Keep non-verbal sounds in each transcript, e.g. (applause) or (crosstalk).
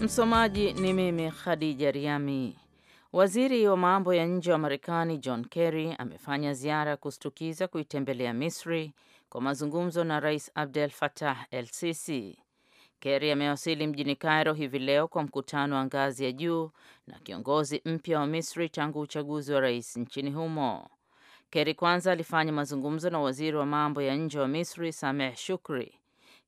Msomaji ni mimi Khadija Riami. Waziri wa mambo ya nje wa Marekani John Kerry amefanya ziara ya kustukiza kuitembelea Misri kwa mazungumzo na Rais Abdel Fattah El Sisi. Kerry amewasili mjini Cairo hivi leo kwa mkutano wa ngazi ya juu na kiongozi mpya wa Misri tangu uchaguzi wa rais nchini humo. Kerry kwanza alifanya mazungumzo na waziri wa mambo ya nje wa Misri Sameh Shukri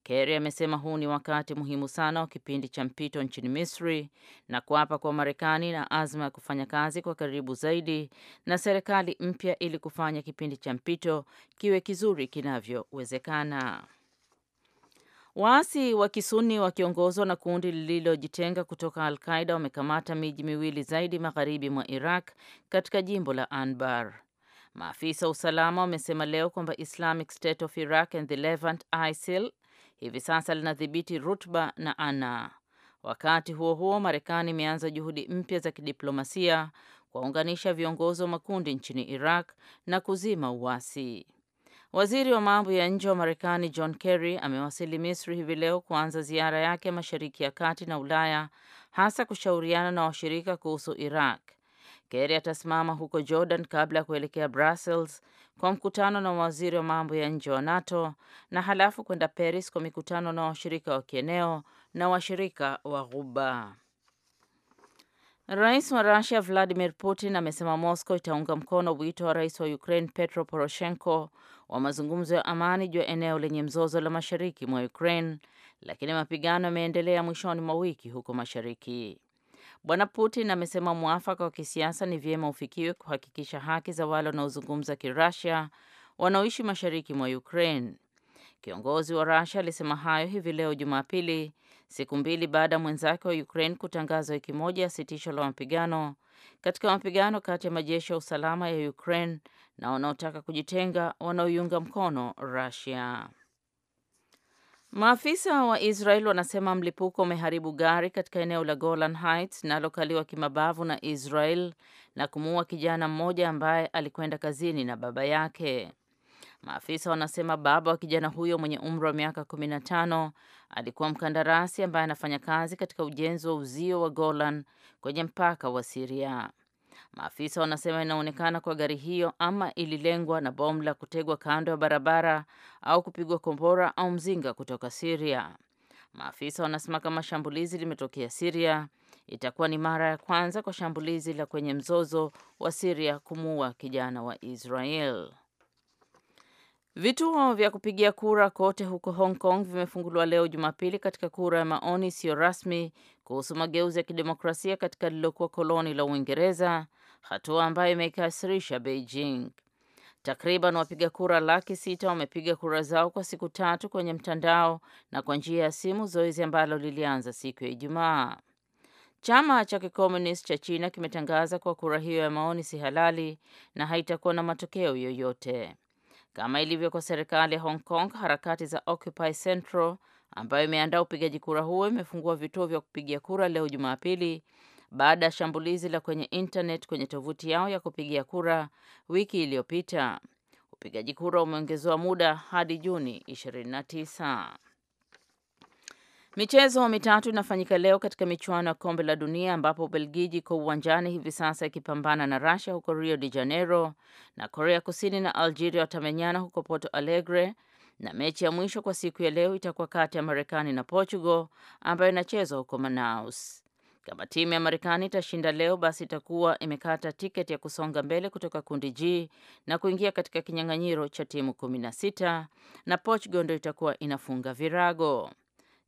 Kerry amesema huu ni wakati muhimu sana wa kipindi cha mpito nchini Misri na kuapa kwa Marekani na azma ya kufanya kazi kwa karibu zaidi na serikali mpya ili kufanya kipindi cha mpito kiwe kizuri kinavyowezekana. Waasi wa Kisuni wakiongozwa na kundi lililojitenga kutoka Al Qaida wamekamata miji miwili zaidi magharibi mwa Iraq katika jimbo la Anbar. Maafisa wa usalama wamesema leo kwamba Islamic State of Iraq and the Levant ISIL hivi sasa linadhibiti Rutba na Ana. Wakati huo huo, Marekani imeanza juhudi mpya za kidiplomasia kuwaunganisha viongozi wa makundi nchini Iraq na kuzima uasi. Waziri wa mambo ya nje wa Marekani John Kerry amewasili Misri hivi leo kuanza ziara yake ya Mashariki ya Kati na Ulaya, hasa kushauriana na washirika kuhusu Iraq. Kerry atasimama huko Jordan kabla ya kuelekea Brussels kwa mkutano na waziri wa mambo ya nje wa NATO na halafu kwenda Paris kwa mikutano na washirika wa kieneo na washirika wa Ghuba. Rais wa rusia Vladimir Putin amesema Moscow itaunga mkono wito wa rais wa Ukraine Petro Poroshenko wa mazungumzo ya amani juu ya eneo lenye mzozo la mashariki mwa Ukraine, lakini mapigano yameendelea mwishoni mwa wiki huko mashariki. Bwana Putin amesema mwafaka wa kisiasa ni vyema ufikiwe kuhakikisha haki za wale wanaozungumza Kirusia wanaoishi mashariki mwa Ukraine. Kiongozi wa rusia alisema hayo hivi leo Jumapili, siku mbili baada ya mwenzake wa Ukraine kutangaza wiki moja ya sitisho la mapigano katika mapigano kati ya majeshi ya usalama ya Ukraine na wanaotaka kujitenga wanaoiunga mkono rusia Maafisa wa Israel wanasema mlipuko umeharibu gari katika eneo la Golan Heights linalokaliwa kimabavu na Israel na kumuua kijana mmoja ambaye alikwenda kazini na baba yake. Maafisa wanasema baba wa kijana huyo mwenye umri wa miaka 15 alikuwa mkandarasi ambaye anafanya kazi katika ujenzi wa uzio wa Golan kwenye mpaka wa Siria. Maafisa wanasema inaonekana kwa gari hiyo ama ililengwa na bomu la kutegwa kando ya barabara au kupigwa kombora au mzinga kutoka Siria. Maafisa wanasema kama shambulizi limetokea Siria, itakuwa ni mara ya kwanza kwa shambulizi la kwenye mzozo wa Siria kumuua kijana wa Israel. Vituo vya kupigia kura kote huko Hong Kong vimefunguliwa leo Jumapili katika kura ya maoni isiyo rasmi kuhusu mageuzi ya kidemokrasia katika lilokuwa koloni la Uingereza, hatua ambayo imeikasirisha Beijing. Takriban wapiga kura laki sita wamepiga kura zao kwa siku tatu kwenye mtandao na kwa njia ya simu, zoezi ambalo lilianza siku ya Ijumaa. Chama cha kikomunist cha China kimetangaza kuwa kura hiyo ya maoni si halali na haitakuwa na matokeo yoyote. Kama ilivyo kwa serikali ya Hong Kong, harakati za Occupy Central ambayo imeandaa upigaji kura huo imefungua vituo vya kupigia kura leo Jumapili baada ya shambulizi la kwenye internet kwenye tovuti yao ya kupigia kura wiki iliyopita. Upigaji kura umeongezewa muda hadi Juni 29. Michezo mitatu inafanyika leo katika michuano ya kombe la dunia ambapo Ubelgiji iko uwanjani hivi sasa ikipambana na Russia huko Rio de Janeiro, na Korea Kusini na Algeria watamenyana huko Porto Alegre na mechi ya mwisho kwa siku ya leo itakuwa kati ya Marekani na Portugal ambayo inachezwa huko Manaus. Kama timu ya Marekani itashinda leo, basi itakuwa imekata tiketi ya kusonga mbele kutoka kundi G na kuingia katika kinyang'anyiro cha timu 16 na Portugal ndio itakuwa inafunga virago.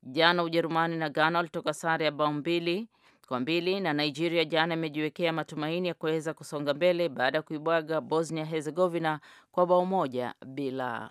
Jana Ujerumani na Ghana walitoka sare ya bao mbili kwa mbili na Nigeria jana imejiwekea matumaini ya kuweza kusonga mbele baada ya kuibwaga Bosnia Herzegovina kwa bao moja bila.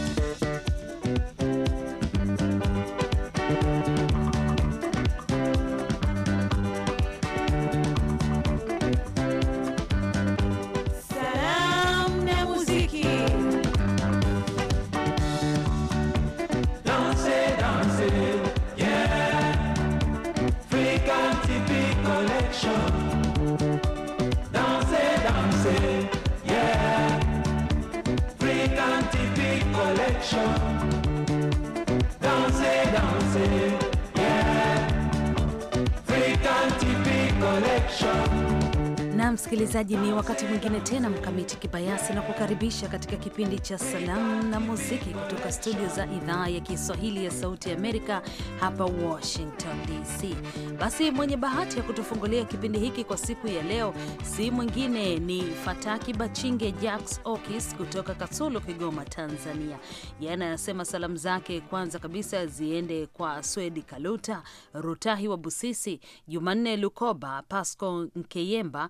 msikilizaji, ni wakati mwingine tena Mkamiti Kibayasi na kukaribisha katika kipindi cha Salamu na Muziki kutoka studio za idhaa ya Kiswahili ya Sauti ya Amerika hapa Washington DC. Basi mwenye bahati ya kutufungulia kipindi hiki kwa siku ya leo si mwingine ni Fataki Bachinge Jacks Okis kutoka Kasulu, Kigoma, Tanzania. Yeye anasema salamu zake kwanza kabisa ziende kwa Swedi Kaluta, Rutahi wa Busisi, Jumanne Lukoba, Pasco Nkeyemba,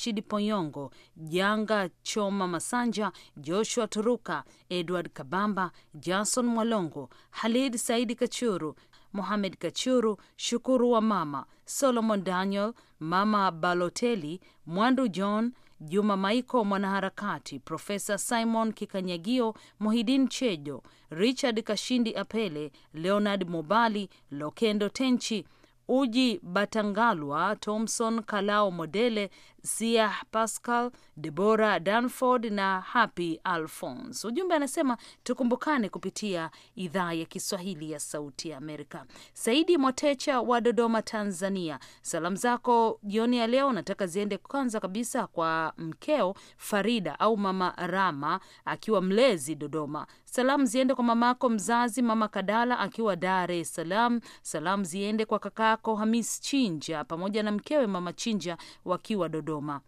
Rashid Poyongo, Janga Choma Masanja, Joshua Turuka, Edward Kabamba, Jason Mwalongo, Halid Saidi Kachuru, Mohamed Kachuru, Shukuru wa Mama, Solomon Daniel, Mama Baloteli, Mwandu John, Juma Maiko mwanaharakati, Profesa Simon Kikanyagio, Mohidin Chejo, Richard Kashindi Apele, Leonard Mobali, Lokendo Tenchi, Uji Batangalwa, Thomson Kalao Modele, Sia Pascal, Debora Danford na Happy Alphons. Ujumbe anasema tukumbukane kupitia idhaa ya Kiswahili ya Sauti ya Amerika. Saidi Mwatecha wa Dodoma, Tanzania, salamu zako jioni ya leo nataka ziende kwanza kabisa kwa mkeo Farida au mama Rama akiwa Mlezi, Dodoma. Salamu ziende kwa mamako mzazi mama Kadala akiwa Dar es Salaam. Salamu ziende kwa kakako Hamis Chinja pamoja na mkewe mama Chinja wakiwa Dodoma. Dodoma.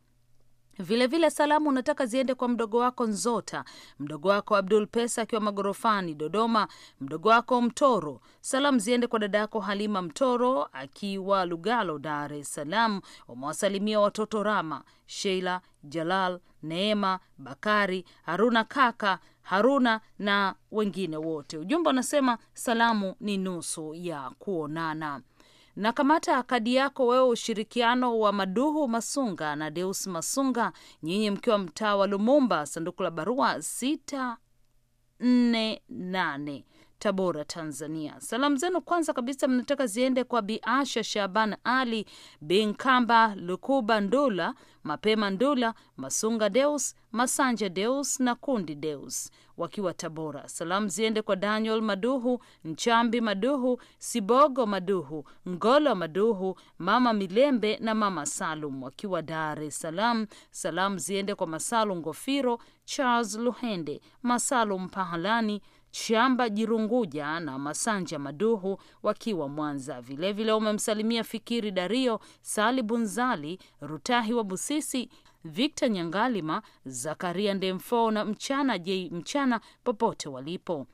Vilevile vile salamu unataka ziende kwa mdogo wako Nzota, mdogo wako Abdul Pesa akiwa magorofani Dodoma, mdogo wako Mtoro. Salamu ziende kwa dada yako Halima Mtoro akiwa Lugalo, Dar es Salaam. Umewasalimia watoto Rama, Sheila, Jalal, Neema, Bakari, Haruna kaka Haruna na wengine wote. Ujumbe unasema salamu ni nusu ya kuonana na kamata kadi yako wewe, ushirikiano wa Maduhu Masunga na Deus Masunga, nyinyi mkiwa mtaa wa Lumumba, sanduku la barua 648 Tabora, Tanzania. Salamu zenu kwanza kabisa mnataka ziende kwa Biasha Shaban Ali, Binkamba Lukuba, Ndula Mapema, Ndula Masunga, Deus Masanja, Deus na Kundi Deus wakiwa Tabora. Salamu ziende kwa Daniel Maduhu, Nchambi Maduhu, Sibogo Maduhu, Ngolo Maduhu, Mama Milembe na Mama Salum wakiwa Dar es Salaam. Salamu ziende kwa Masalu Ngofiro, Charles Luhende, Masalu Mpahalani, Chamba Jirunguja na Masanja Maduhu wakiwa Mwanza. Vilevile wamemsalimia Fikiri Dario, Sali Bunzali, Rutahi wa Busisi, Victor Nyangalima, Zakaria Ndemfo na Mchana J Mchana popote walipo.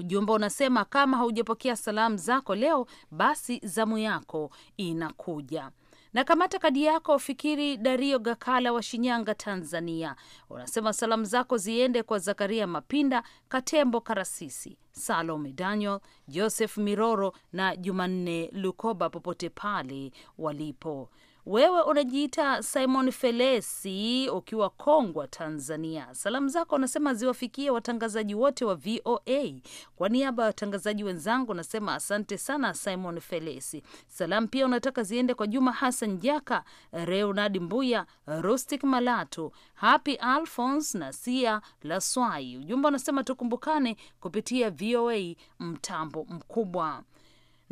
Ujumbe unasema kama haujapokea salamu zako leo, basi zamu yako inakuja. Na kamata kadi yako, fikiri Dario Gakala wa Shinyanga, Tanzania, unasema salamu zako ziende kwa Zakaria Mapinda, Katembo Karasisi, Salome Daniel, Joseph Miroro na Jumanne Lukoba popote pale walipo. Wewe unajiita Simon Felesi ukiwa Kongwa, Tanzania. Salamu zako unasema ziwafikie watangazaji wote wa VOA. Kwa niaba ya watangazaji wenzangu nasema asante sana Simon Felesi. Salamu pia unataka ziende kwa Juma Hassan Jaka, Reonard Mbuya, Rustic Malatu, Happy Alphons na Sia Laswai. Ujumbe unasema tukumbukane kupitia VOA mtambo mkubwa.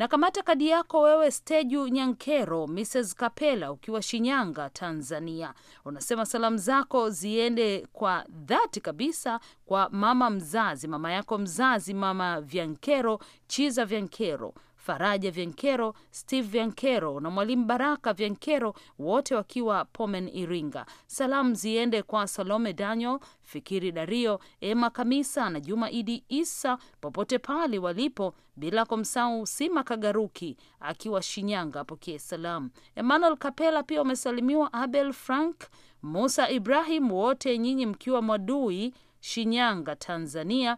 Na kamata kadi yako wewe, Steju Nyankero Mrs Kapela, ukiwa Shinyanga, Tanzania, unasema salamu zako ziende kwa dhati kabisa kwa mama mzazi, mama yako mzazi, Mama Vyankero Chiza Vyankero, Faraja Vyankero, Steve Vyankero na Mwalimu Baraka Vyankero, wote wakiwa Pomen, Iringa. Salamu ziende kwa Salome Daniel, Fikiri Dario, Emma Kamisa na Juma Idi Isa popote pale walipo, bila kumsahau Sima Kagaruki akiwa Shinyanga, apokee salamu. Emmanuel Kapela pia wamesalimiwa, Abel Frank, Musa Ibrahim, wote nyinyi mkiwa Mwadui, Shinyanga, Tanzania.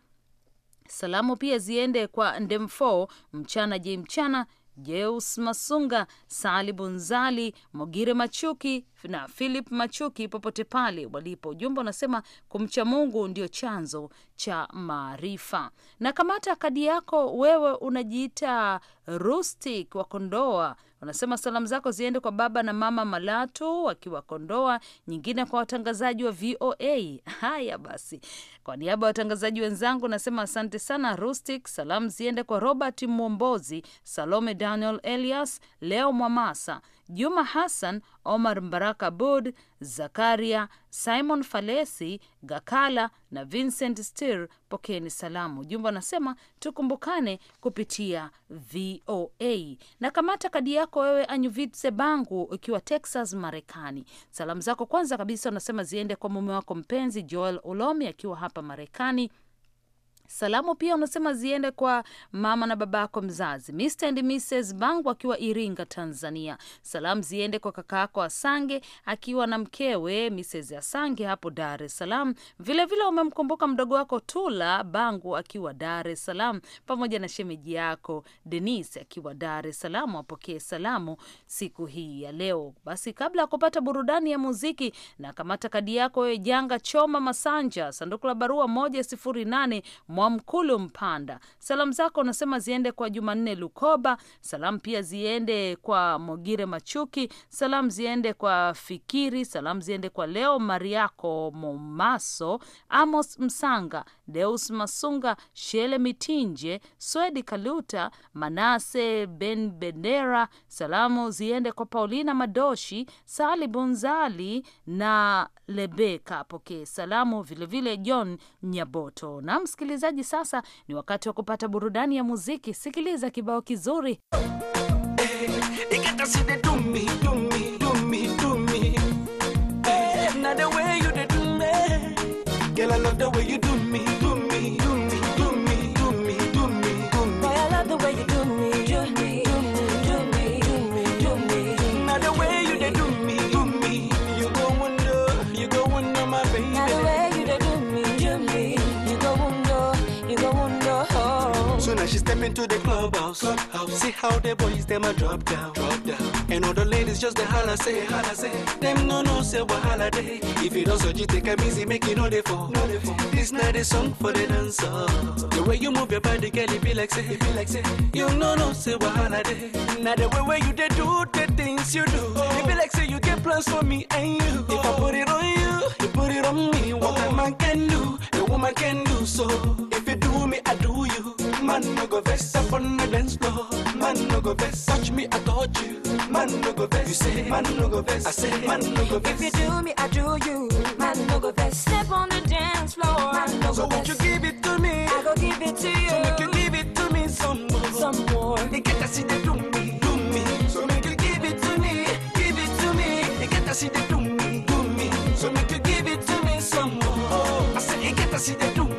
Salamu pia ziende kwa Ndemfo Mchana Jei Mchana, Jeus Masunga, Sali Bunzali, Mogire Machuki, na Philip Machuki popote pale walipo. Ujumbe unasema kumcha Mungu ndio chanzo cha maarifa. Na kamata kadi yako wewe, unajiita Rustic wa Kondoa, unasema salamu zako ziende kwa baba na mama Malatu wakiwa Kondoa, nyingine kwa watangazaji wa VOA. (laughs) Haya basi, kwa niaba ya watangazaji wenzangu nasema asante sana Rustic. Salamu ziende kwa Robert Mwombozi, Salome Daniel, Elias Leo Mwamasa Juma Hassan, Omar Mbaraka Bud, Zakaria Simon Falesi, Gakala na Vincent Stir, pokeni salamu. Ujumbe anasema tukumbukane kupitia VOA na kamata kadi yako wewe, Anyuvitse Bangu, ukiwa Texas, Marekani. Salamu zako kwanza kabisa unasema ziende kwa mume wako mpenzi Joel Ulomi akiwa hapa Marekani, Salamu pia unasema ziende kwa mama na babako mzazi Mr and Mrs Bangu akiwa Iringa, Tanzania. Salamu ziende kwa kakaako Asange akiwa na mkewe Mrs Asange hapo Dar es Salaam. Vilevile umemkumbuka mdogo wako Tula Bangu akiwa Dar es Salaam, pamoja na shemeji yako Denise akiwa Dar es Salaam. salamu siku hii ya leo. Basi kabla ya kupata burudani ya muziki, na kamata kadi yako wewe, Janga Choma Masanja, sanduku la barua 108 Mwamkulu Mpanda, salamu zako unasema ziende kwa Jumanne Lukoba, salamu pia ziende kwa Mogire Machuki, salamu ziende kwa Fikiri, salamu ziende kwa Leo Mariako Momaso, Amos Msanga, Deus Masunga, Shele Mitinje, Swedi Kaluta, Manase Ben Bendera, salamu ziende kwa Paulina Madoshi, Sali Bunzali na Lebeka apokee salamu vilevile, John Nyaboto. Na msikilizaji, sasa ni wakati wa kupata burudani ya muziki. Sikiliza kibao kizuri hey, eh, Came into the clubhouse, clubhouse. See how the boys them a drop down, drop down. And all the ladies just the holla say, holla say. Them no no say wahala day. If you don't so you take a busy, make all know they fall. No This not a song for the dancer. The way you move your body, girl, it be like say, it be like say. You no no say what holiday. Now the way where you they do the things you do, oh. it be like say you get plans for me and you. Oh. If I put it on you, you put it on me. What oh. a man can do, a woman can do so. If you do me, I do Man no go vest up on the dance floor. Man no go vest Touch me, I touch you. Man no go vest You say man no go vest I say man no go vest If you do me, I do you. Man no go vest Step on the dance floor. Man no go So won't you give it to me? I go give it to you. So make you give it to me some more. Some more. They get to see they do me, do me. So make you give it to me, give it to me. They get to see they do me, do me. So make you give it to me some more. I say they get to see they do me.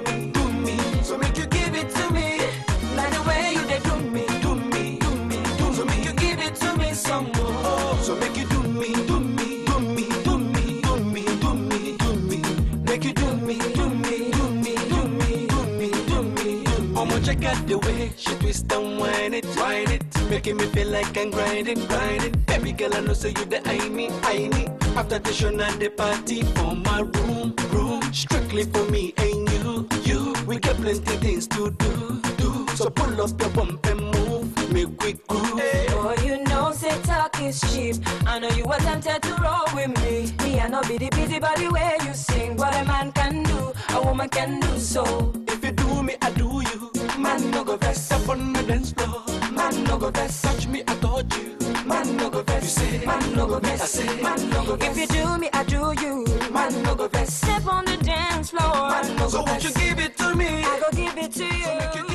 She twist and wind it, wind it. Making me feel like I'm grinding, grinding. Baby girl, I know say you the I me, I me. After the show and the party, for my room, room. Strictly for me and you, you. We got plenty things to do, do. So pull up your bump and move, make quick, groove. Hey. Oh, you know, say talk is cheap. I know you were tempted to roll with me. Me, I know be the busy body where you sing. What a man can do, a woman can do so. If you do me, I do you. Man no go vex Step on the dance floor. Man no go vex, touch me, I told you. Man no go vex, you say. Man no go vex, I say. Man no go vex. If you do me, I do you. Man no go vex. Step on the dance floor. Man no go vex. So won't you give it to me? I go give it to you. So make you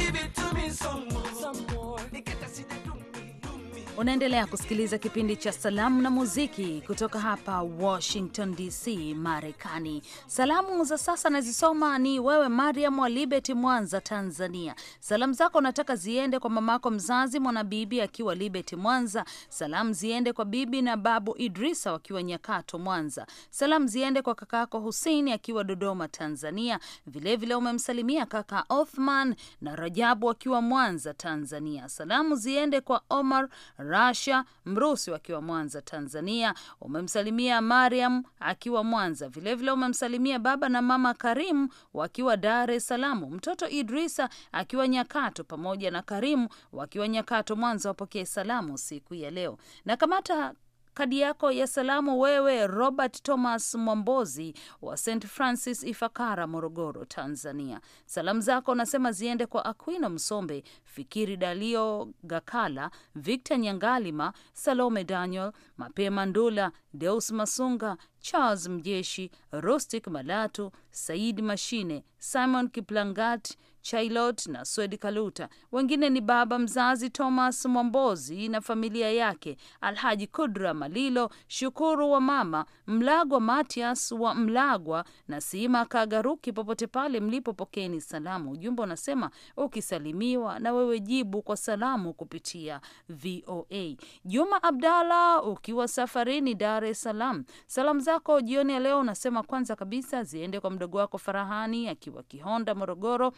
Unaendelea kusikiliza kipindi cha Salamu na Muziki kutoka hapa Washington DC, Marekani. Salamu za sasa nazisoma ni wewe Mariam wa Libet, Mwanza, Tanzania. Salamu zako nataka ziende kwa mamako mzazi Mwanabibi akiwa Libet, Mwanza. Salamu ziende kwa bibi na babu Idrisa wakiwa Nyakato, Mwanza. Salamu ziende kwa kakako Huseini akiwa Dodoma, Tanzania. Vilevile umemsalimia kaka Othman na Rajabu akiwa Mwanza, Tanzania. Salamu ziende kwa Omar Rasha Mrusi akiwa Mwanza Tanzania, umemsalimia Mariam akiwa Mwanza, vilevile umemsalimia baba na mama Karimu wakiwa Dar es Salaam, mtoto Idrisa akiwa Nyakato pamoja na Karimu wakiwa Nyakato Mwanza wapokee salamu siku ya leo na kamata kadi yako ya salamu wewe Robert Thomas Mwambozi wa St Francis Ifakara, Morogoro, Tanzania. Salamu zako nasema ziende kwa Aquino Msombe, Fikiri Dalio Gakala, Victor Nyangalima, Salome Daniel, Mapema Ndula, Deus Masunga, Charles Mjeshi, Rostik Malatu, Said Mashine, Simon Kiplangat, Chailot na Swedi Kaluta. Wengine ni baba mzazi Thomas Mwambozi na familia yake, Alhaji Kudra Malilo, Shukuru wa mama Mlagwa, Matias wa Mlagwa na Siima Kagaruki. Popote pale mlipo, pokeni salamu. Ujumbe unasema ukisalimiwa na wewe jibu kwa salamu kupitia VOA. Juma Abdalla ukiwa safarini Dar es Salaam, salamu zako jioni ya leo unasema kwanza kabisa ziende kwa mdogo wako Farahani akiwa Kihonda, Morogoro,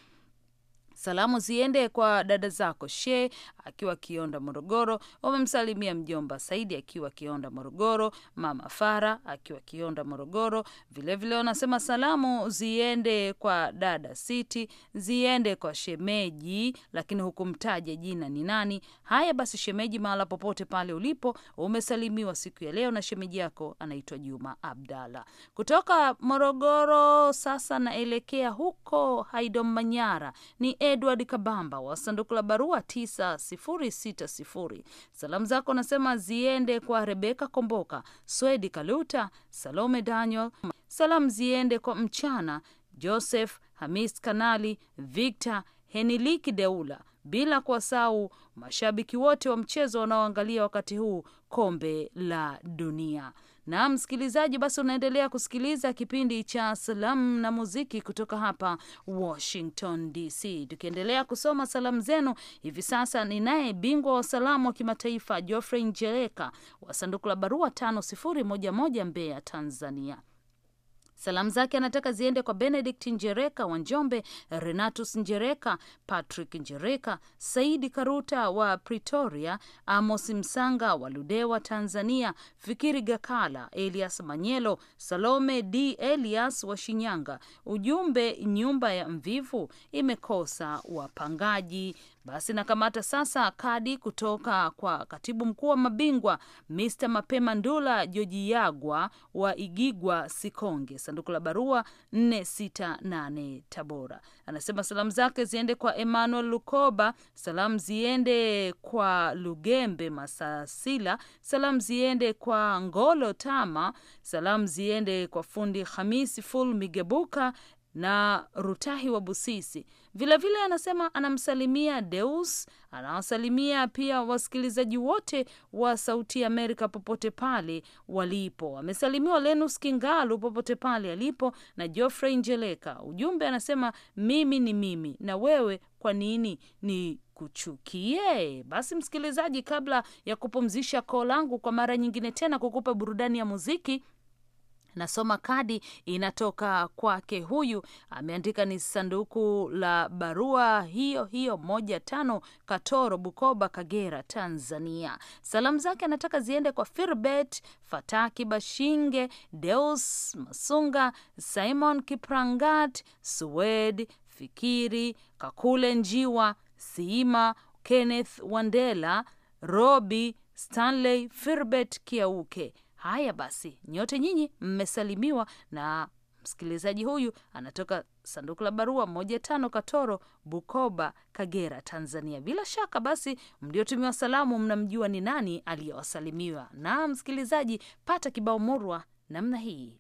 Salamu ziende kwa dada zako She akiwa Kionda Morogoro, wamemsalimia mjomba Saidi akiwa Kionda Morogoro, mama Fara akiwa Kionda Morogoro. Vilevile wanasema vile salamu ziende kwa dada Siti, ziende kwa shemeji, lakini hukumtaja jina ni nani. Haya basi, shemeji, mahala popote pale ulipo, umesalimiwa siku ya leo na shemeji yako anaitwa Juma Abdalla kutoka Morogoro. Sasa naelekea huko Haidom Manyara ni Edward Kabamba wa sanduku la barua 9060. Salamu zako nasema ziende kwa Rebeka Komboka, Swedi Kaluta, Salome Daniel. Salamu ziende kwa Mchana Joseph, Hamis Kanali, Victor Heniliki Deula, bila kuwasahau mashabiki wote wa mchezo wanaoangalia wakati huu kombe la dunia. Na msikilizaji, basi unaendelea kusikiliza kipindi cha salamu na muziki kutoka hapa Washington DC, tukiendelea kusoma salamu zenu. Hivi sasa ni naye bingwa wa salamu wa kimataifa Geoffrey Njereka wa sanduku la barua 5011 Mbeya, Tanzania. Salamu zake anataka ziende kwa Benedict Njereka wa Njombe, Renatus Njereka, Patrick Njereka, Saidi Karuta wa Pretoria, Amos Msanga wa Ludewa, Tanzania, Fikiri Gakala, Elias Manyelo, Salome D Elias wa Shinyanga. Ujumbe, nyumba ya mvivu imekosa wapangaji. Basi nakamata sasa kadi kutoka kwa katibu mkuu wa mabingwa Mr Mapema Ndula Jojiyagwa wa Igigwa Sikonge, sanduku la barua 468 Tabora. Anasema salamu zake ziende kwa Emmanuel Lukoba, salamu ziende kwa Lugembe Masasila, salamu ziende kwa Ngolo Tama, salamu ziende kwa fundi Hamisi Ful Migebuka na Rutahi wa Busisi. Vilevile vile anasema anamsalimia Deus, anawasalimia pia wasikilizaji wote wa Sauti ya Amerika popote pale walipo. Amesalimiwa Lenus Kingalu popote pale alipo na Geoffrey Njeleka. Ujumbe anasema mimi ni mimi na wewe kwa nini ni kuchukie? Basi msikilizaji, kabla ya kupumzisha koo langu kwa mara nyingine tena kukupa burudani ya muziki Nasoma kadi inatoka kwake. Huyu ameandika ni sanduku la barua hiyo hiyo moja tano Katoro, Bukoba, Kagera, Tanzania. Salamu zake anataka ziende kwa Firbet Fataki, Bashinge, Deus Masunga, Simon Kiprangat, Swed Fikiri, Kakule Njiwa, Siima, Kenneth Wandela, Robi Stanley, Firbet Kiauke Haya basi, nyote nyinyi mmesalimiwa na msikilizaji huyu anatoka sanduku la barua moja tano Katoro, Bukoba, Kagera, Tanzania. Bila shaka basi, mliotumiwa salamu mnamjua ni nani aliyewasalimiwa. Na msikilizaji, pata kibao murwa namna hii.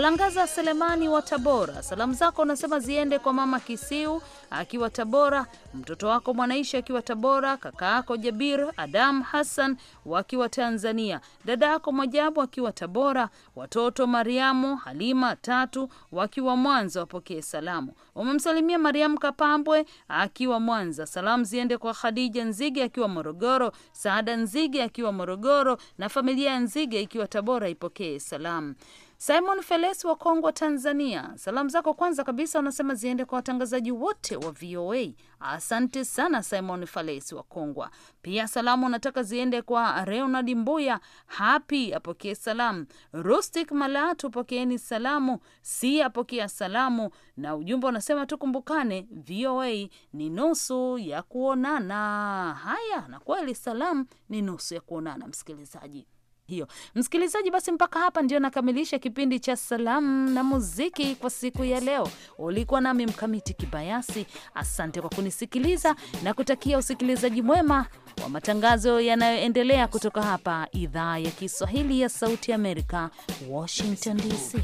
Kalangaza Selemani wa Tabora, salamu zako unasema ziende kwa mama Kisiu akiwa Tabora, mtoto wako Mwanaishi akiwa Tabora, kaka yako Jabir Adam Hassan wakiwa Tanzania, dada yako Mwajabu akiwa Tabora, watoto Mariamu Halima tatu wakiwa Mwanza wapokee salamu. Umemsalimia Mariamu Kapambwe akiwa Mwanza, salamu ziende kwa Khadija Nzige akiwa Morogoro, Saada Nzige akiwa Morogoro na familia ya Nzige ikiwa Tabora ipokee salamu. Simon Felesi wa Kongwa, Tanzania, salamu zako kwanza kabisa unasema ziende kwa watangazaji wote wa VOA. Asante sana Simon Feles wa Kongwa. Pia salamu unataka ziende kwa Reonald Mbuya Hapi, apokee salamu. Rustic Malatu, pokeeni salamu. Si apokea salamu, na ujumbe unasema tukumbukane, VOA ni nusu ya kuonana. Haya, na kweli salamu ni nusu ya kuonana, msikilizaji hiyo. Msikilizaji, basi mpaka hapa ndio nakamilisha kipindi cha salamu na muziki kwa siku ya leo. Ulikuwa nami Mkamiti Kibayasi. Asante kwa kunisikiliza na kutakia usikilizaji mwema wa matangazo yanayoendelea kutoka hapa idhaa ya Kiswahili ya Sauti Amerika, Washington DC.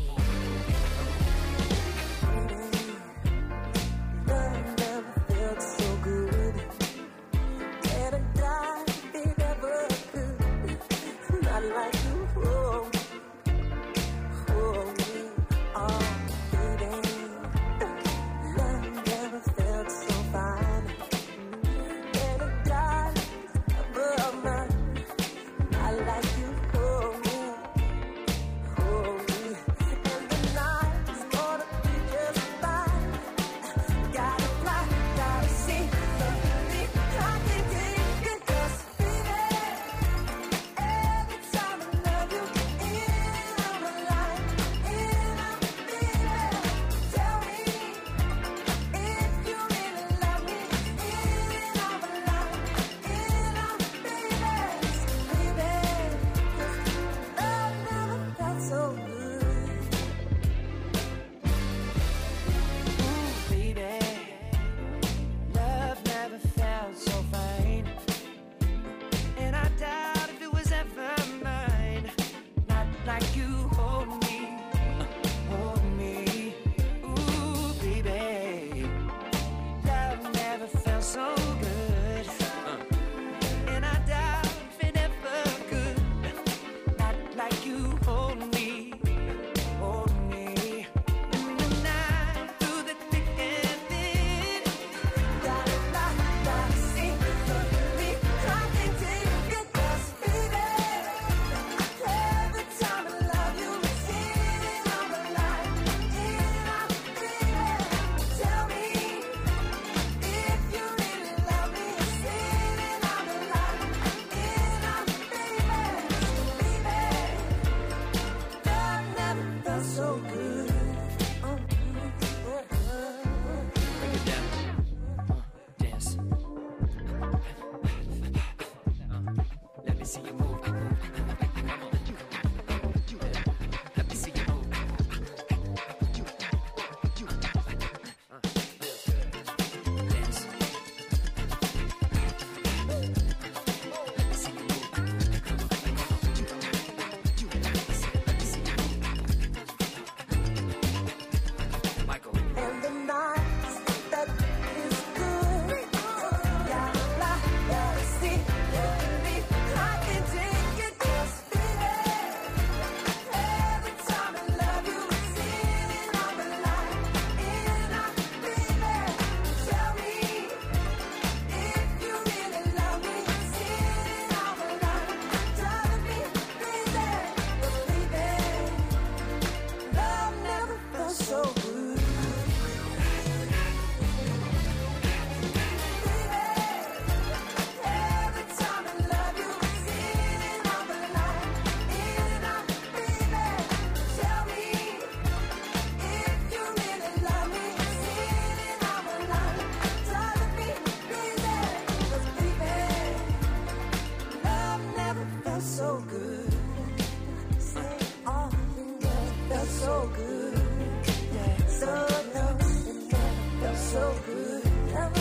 so good. felt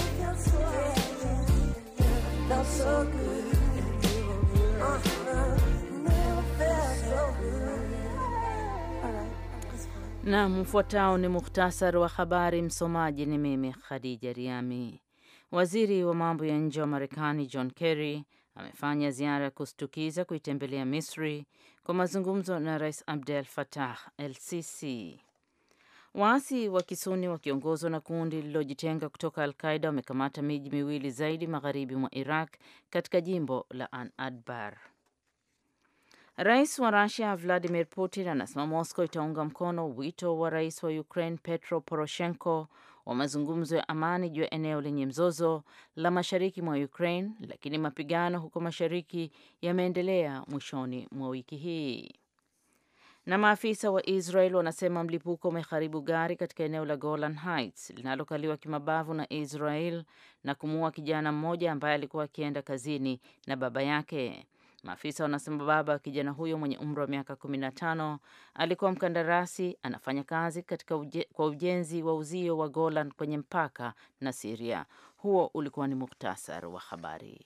so good. felt so good. Na mfuatao ni muhtasari wa habari. Msomaji ni mimi Khadija Riami. Waziri wa mambo ya nje wa Marekani John Kerry amefanya ziara ya kushtukiza kuitembelea Misri kwa mazungumzo na Rais Abdel Fattah el Sisi. Waasi wa kisuni wakiongozwa na kundi lililojitenga kutoka Alqaida wamekamata miji miwili zaidi magharibi mwa Iraq katika jimbo la An Adbar. Rais wa Rusia Vladimir Putin anasema Moscow itaunga mkono wito wa rais wa Ukraine Petro Poroshenko wa mazungumzo ya amani juu ya eneo lenye mzozo la mashariki mwa Ukraine, lakini mapigano huko mashariki yameendelea mwishoni mwa wiki hii. Na maafisa wa Israel wanasema mlipuko umeharibu gari katika eneo la Golan Heights linalokaliwa kimabavu na Israel na kumuua kijana mmoja ambaye alikuwa akienda kazini na baba yake. Maafisa wanasema baba wa kijana huyo mwenye umri wa miaka 15 alikuwa mkandarasi anafanya kazi katika uje, kwa ujenzi wa uzio wa Golan kwenye mpaka na Siria. Huo ulikuwa ni muktasar wa habari.